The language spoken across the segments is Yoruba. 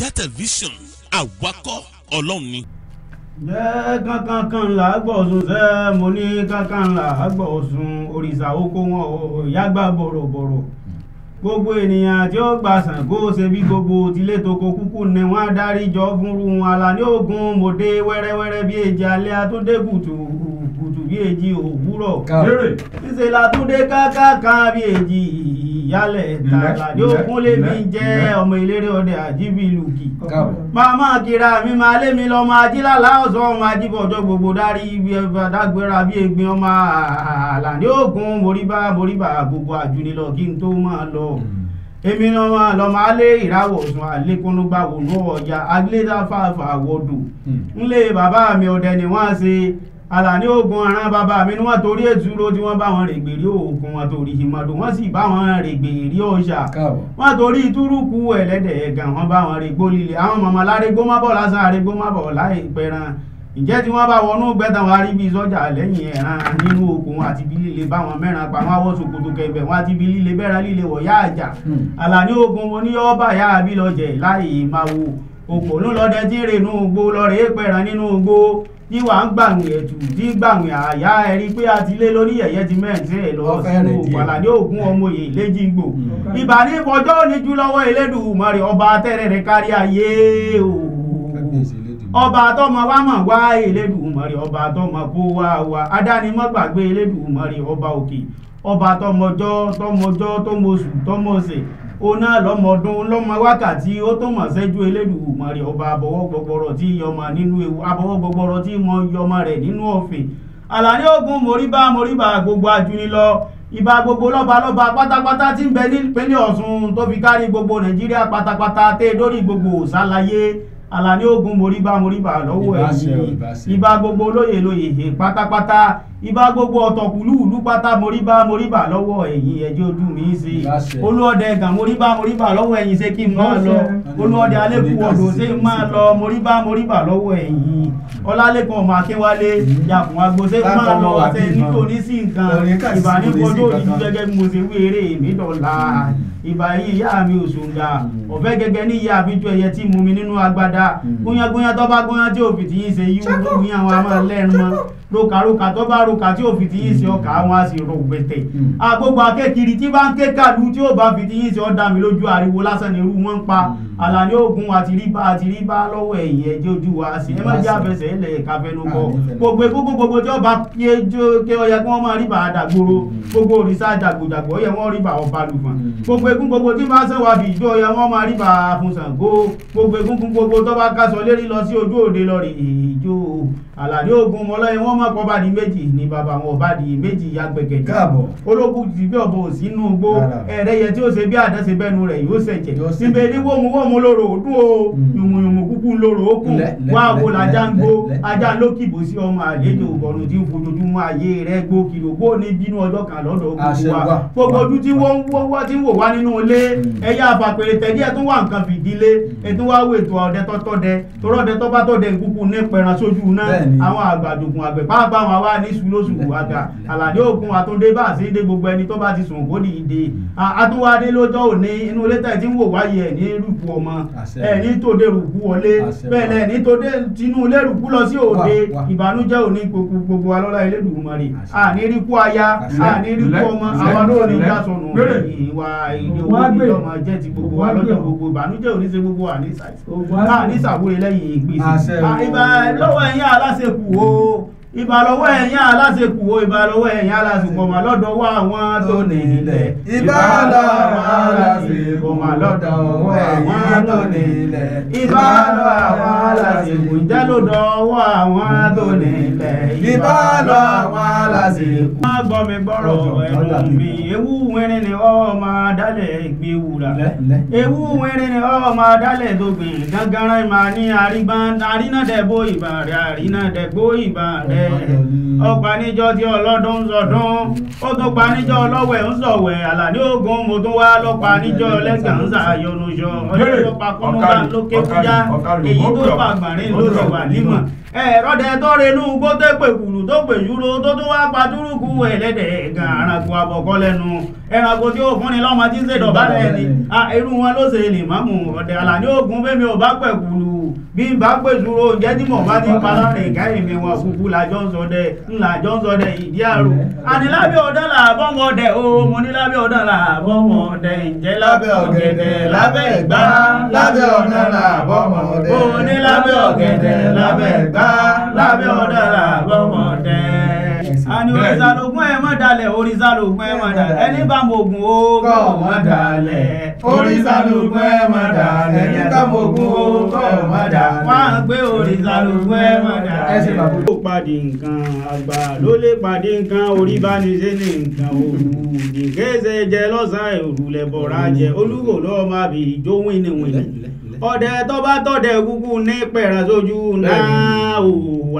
Àlàkíá television àwakọ́ ọlọ́run ni. jẹ́ kankan kan là á gbọ̀ ọ̀sùn ṣẹ́ mo ní kankan là á gbọ̀ ọ̀sùn òrìṣà oko wọn ò yàgbà bọ̀rọ̀bọ̀rọ̀ gbogbo ènìyàn tí ó gba Ṣàngó ṣe bí gbogbo tilé toko kúkú ni wọ́n á dárí jọ fúnru wọn Àlàní Ògún mòde wẹ́rẹ́wẹ́rẹ́ bí èjì alẹ́ àtúndégùtù kùtùkùtù bí èjì òwúrọ̀ kéré ṣíṣe látúndé kákàká bí èjì ìyálẹ̀ tààlà yóò kún lébi jẹ́ ọmọ eléré ọdẹ àjíbìlùkì màmá kira mi máa lé mi lọ́mọ ajílàlá ọ̀sán ọmọ ajíbọ̀jọ́ gbogbo dárí ibi ẹ̀fọ̀dágbéra bí egbin ọmọ àlà yóò moríbá moríbá gbogbo àjùnilọ kí n tó máa lọ hmm. èmi lọ́mọ lọ́mọ alẹ́ ìràwọ̀ sùn àlékúnúgbà wò ní ọjà agbẹ́dáfàfà wọ́dù hmm. ńlẹ̀ bàbá mi ọdẹ ni wọ́n ṣe Alani ogun aràn bàbá mi ni wọ́n torí ètúró tí wọ́n bá wọn règbèrè oògùn wọn torí ìmọ̀dò wọ́n sì bá wọn règbèrè ọ̀ṣà wọ́n torí túrúkù ẹlẹ́dẹ̀ ẹ̀gàn wọ́n bá wọn règbó lílẹ̀ àwọn mọ̀mọ́ lárégbó má bọ̀ lásán àrégbó má bọ̀ láì pẹran ìjẹ́ tí wọ́n bá wọnú gbẹ́tàn wá rí bíi sọ́jà lẹ́yìn ẹ̀ràn nínú okùn àti bí líle báwọn mẹ́ran pa wọ́n wọ́n ṣòkòtò kẹgbẹ́ wọ́n àti bí líle bẹ́ran líle wọ̀ yá àjà hmm. Àlàní ogun oníyọ́ bá yá lọ jẹ̀ tí ń renú gbó lọ́rẹ̀ẹ́ pẹ̀ràn nínú gbó ní wàá ń gbàwìn ẹ̀tù tí ń gbàwìn àyà ẹ̀rí pé a ti lé lórí ẹ̀yẹ ti mẹ́ǹtẹ́ ẹ̀ lọ sínú ògbàlà ní ògún ọmọ òye ìléjì ń gbò mm. ìbà ìfọjọ́ òní jù lọ́wọ́ Elédùmarè ọba tẹ́rẹ̀ rẹ̀ kárí ayé ọba tọmọ wa mọ̀ wá Elédùmarè ọba tọmọ kó wá wa adánimọ̀gbàgbé Elédùmarè ọba òkè ọba tọmọjọ́ tọmọjọ́ tọmọṣù òun náà lọ́mọ ọdún lọ́mọ wákàtí ó tó mọ̀ sẹ́jú Elédùmarè ọba àbọ̀wọ́ gbọgbọrọ tí yọmọ nínú ewu àbọ̀wọ́ gbọgbọrọ tí mọ yọmọ rẹ̀ nínú ọ̀fìn Àlàní Ògún mọ̀ríbá mọ̀ríbá gbogbo àjùnilọ ìbà gbogbo lọ́ba lọ́ba pátápátá tí ń bẹ nípínlẹ̀ Ọ̀ṣun tó fi kárí gbogbo Nàìjíríà pátápátá tẹ́ dórí gbogbo òsàlàyé Àlàní ogun moríbá moríbá lọ́wọ́ ẹ̀yìn ìbà gbogbo olóyè lóyè he pátápátá ìbà gbogbo ọ̀tọ̀kùlú ìlú pátá moríbá moríbá lọ́wọ́ ẹ̀yìn ẹjọ́ ojú mi ṣe olúọdẹ ẹ̀gàn moríbá moríbá lọ́wọ́ ẹ̀yìn ṣé kí n máa lọ olúọdẹ alẹ́kùn ọ̀dọ̀ ṣé n máa lọ moríbá moríbá lọ́wọ́ ẹ̀yìn ọlálẹ́kùn ọmọ akínwálé yàkùn agbo ṣé n máa lọ ọ̀sẹ̀ nítorí sí nǹkan ìbànújẹ́ ìbàyí ìyá mi òṣùngà mm. ọ̀fẹ́ gẹ́gẹ́ ní ìyá mi ju tí mú mi nínú agbada gúnyángúnyán mm. tó bá gúnyán tí òfìtì yín ṣe yí wúlò ní àwọn amọ̀ lẹ́nu mọ́ rokaroka tó bá roka tí ò fi ti yín sí ọkà a mm. sì ro gbẹ̀tẹ̀ mm. àgbogbo akékiri tí bá ń ké kàlú tí ò bá fi ti yín sí ọ̀dà mi lójú ariwo lásán ni irú wọn ń pa mm. àlàní ogun àti ríbá àti ríbá lọ́wọ́ ẹ̀yìn ẹ̀jẹ̀ ojú wa sí ẹ má jẹ́ àfẹsẹ̀ ilẹ̀ káfẹnukọ ah, gbogbo gbogbo gbogbo tí ọba ké ọyẹ kí wọ́n máa ríbà àdàgbòrò gbogbo òrìṣà àdàgbòdàgbò ọyẹ wọ́n ríbà ọba lùfọ̀n gbogbo egun gbogbo tí máa sẹ́wà bí ìjọ ọyẹ wọ́n máa ríbà àfúnsàngó gbogbo egun gbogbo tó bá lérí lọ sí ojú òde lọ rè ìjó àlàdé ogun mọlọyẹ wọn má pọ bá di méjì ni bàbá wọn bá di méjì ya gbẹgẹdì. káàbọ̀ olókùn ti bí ọ̀bọ̀ òsínú gbó ẹ̀rẹ́yẹ tí ó ṣe bí àdáṣe bẹ́nu rẹ̀ yóò ṣẹ̀jẹ̀ níbi ẹni wọ́n mú wọ́n mú lóró dún o hmm. yùmùyùmù kúkú lóró okùn wá wo làjà ń gbó ajá ló kìbò sí ọmọ àlejò ọ̀run tí ń fojoojúmọ́ ayé rẹ̀ gbó kìlò gbó ní bínú ọjọ́ kan lọ́dọ̀ gbogbo wa gbogbo ojú tí wọ́n wá tí ń wò wá nínú ilé hmm. ẹ̀yà àfàpèrè tẹ̀lé ẹ̀ tó wà nǹkan fìdílé hmm. ẹ̀ tó wá wò ètò ọ̀dẹ tọ́tọ́ dẹ torọ́ ọ̀dẹ tọ́ bá tọ́ dẹ ìkúkú ni. àwọn àgbàdògùn àgbẹ̀ pàápàá wọn wá ní sùlóṣù àgbà àlàdé ògùn àtúndé bá àṣẹ dé gbogbo ẹni tó bá ti sùn kó ní ìdè mm. àtúwádé lọ́jọ́ òní inú létẹ̀ tí ń wò wáyé ẹ̀ ní rúkú ọmọ ẹ̀ ní tòde rúkú wọlé bẹ́ẹ̀ lẹ́ ní tòde tinú ilé rúkú lọ sí òde ìbànújẹ́ òní gbogbo alọ́lá Elédùmarè àní ríkú aya àní ríkú ọmọ àwọn lóòní dásọnù ìwà ìdè òní ọmọ jẹ́ ti gbogbo alọ́jọ́ gbogbo ìbànújẹ́ òní ṣe gbogbo àníṣàwúrẹ́ lẹ́yìn ìgbésẹ̀ Whoa. ìbàlọ́wọ́ ẹ̀yin aláṣekù o ìbàlọ́wọ́ ẹ̀yin aláṣekù mà lọ́dọ̀ọ́wọ́ àwọn tó ní ilẹ̀. ìbàlọ́wọ́ aláṣekù mà lọ́dọ̀ọ́wọ́ ẹ̀yin tó ní ilẹ̀. ìbàlọ́wọ́ aláṣekù ǹjẹ́ lọ́dọ̀ọ́wọ́ àwọn tó ní ilẹ̀. ìbàlọ́wọ́ aláṣekù. má gbọ́ mi bọ́rọ̀ ẹ̀rù mi ewu wẹ́rin ni ọ́ máa dálẹ̀ ewu wẹ́rin ni ọ́ máa dálẹ̀ dógbìn gángan rẹ̀ máa ní àrígbá àrínàdẹ̀gbó ìbà rẹ̀ ọgbà tí ọlọ́dún ń sọdún ó tún pa ọlọ́wẹ̀ ń sọ̀wẹ̀ àlàní ogun mo tún wá lọ́pa níjọ́ ń sàyọnu yọ ọjọ́ tó pa kọ́nùbà lókè èyí ẹranko tí ó fúnni lọ́mọ tí ń ṣèdọ̀bálẹ̀ ni irú wọn ló ṣe lè mọ́mù ọ̀dẹ̀ àlàní ogun bẹ́mi ò bá pẹ̀ bí n bá pè sùúrù oúnjẹ tí mò ń bá ti pa lọ́rùn ìka èmi wọn kúkú làjọ ń sọ dẹ ńlàjọ ń sọ dẹ ìdí àrò ànílábẹ́ ọ̀dọ́ là bọ́mọ dẹ o mo ní lábẹ́ ọ̀dọ́ là bọ́mọ dẹ ǹjẹ́ lábẹ́ ọ̀gẹ̀dẹ̀ lábẹ́ ẹ̀gbá lábẹ́ ọ̀dọ́ là bọ́mọ dẹ o ní lábẹ́ ọ̀gẹ̀dẹ̀ lábẹ́ ẹ̀gbá lábẹ́ ọ̀dọ́ là bọ́mọ dẹ ni òrìṣàlógún ẹ má dalẹ̀ òrìṣàlógún ẹ má dalẹ̀ ẹni bá mo gùn ó kọ́ má dalẹ̀ òrìṣàlógún ẹ má dalẹ̀ ẹni bá mo gùn ó kọ́ má dalẹ̀ wọ́n á gbé òrìṣàlógún ẹ má dalẹ̀. ẹ ṣe bàbá ó pàdé nǹkan àgbà ló lè pàdé nǹkan orí bá ní ṣe ní nǹkan òru nìkéṣe jẹ lọ́sàn-án ìrùlẹ̀ bọ̀rọ̀ ajẹ olúkò lọ́ọ́ má bì í jó ọdẹ tó bá tọdẹ kúkú ní pẹ̀rẹ̀ sójú náà o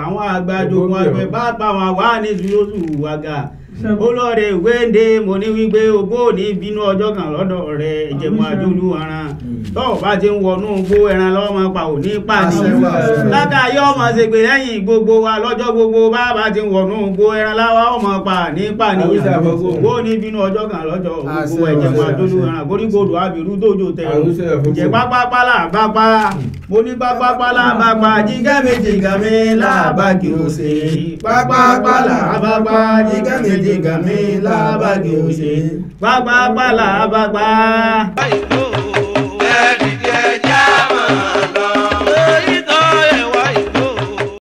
àwọn àgbàjọ wọn àgbẹ̀ bá pa wọn wá ní sùúrù àga olóore wéńdé mo ní wípé ogbó ní bínú ọjọ́ kan lọ́dọ̀ rẹ̀ ìjẹ̀mú àjọlù ọ̀ràn hmm. tó o bá ti ń wọnú ogbó ẹran lọ́mọ pa ò ní pàdé látàyé ọmọ ṣègbè lẹ́yìn gbogbo wa lọ́jọ́ gbogbo bá a bá ti ń wọnú ogbó ẹran láwa ọmọ pa ní pàdé ogbó ní bínú ọjọ́ kan lọ́jọ́ gbogbo ìjẹ̀mú àjọlù ọ̀ràn gbórígbòdò abirú dòjò tẹ ìjẹ́ pápápá làbápá mo ní pápápá làbápá jígá méjì gàmí làbá kìrò sí pápápá làbápá jígá méjì di gàmí lábàgì òṣè pápápá làbàgbà.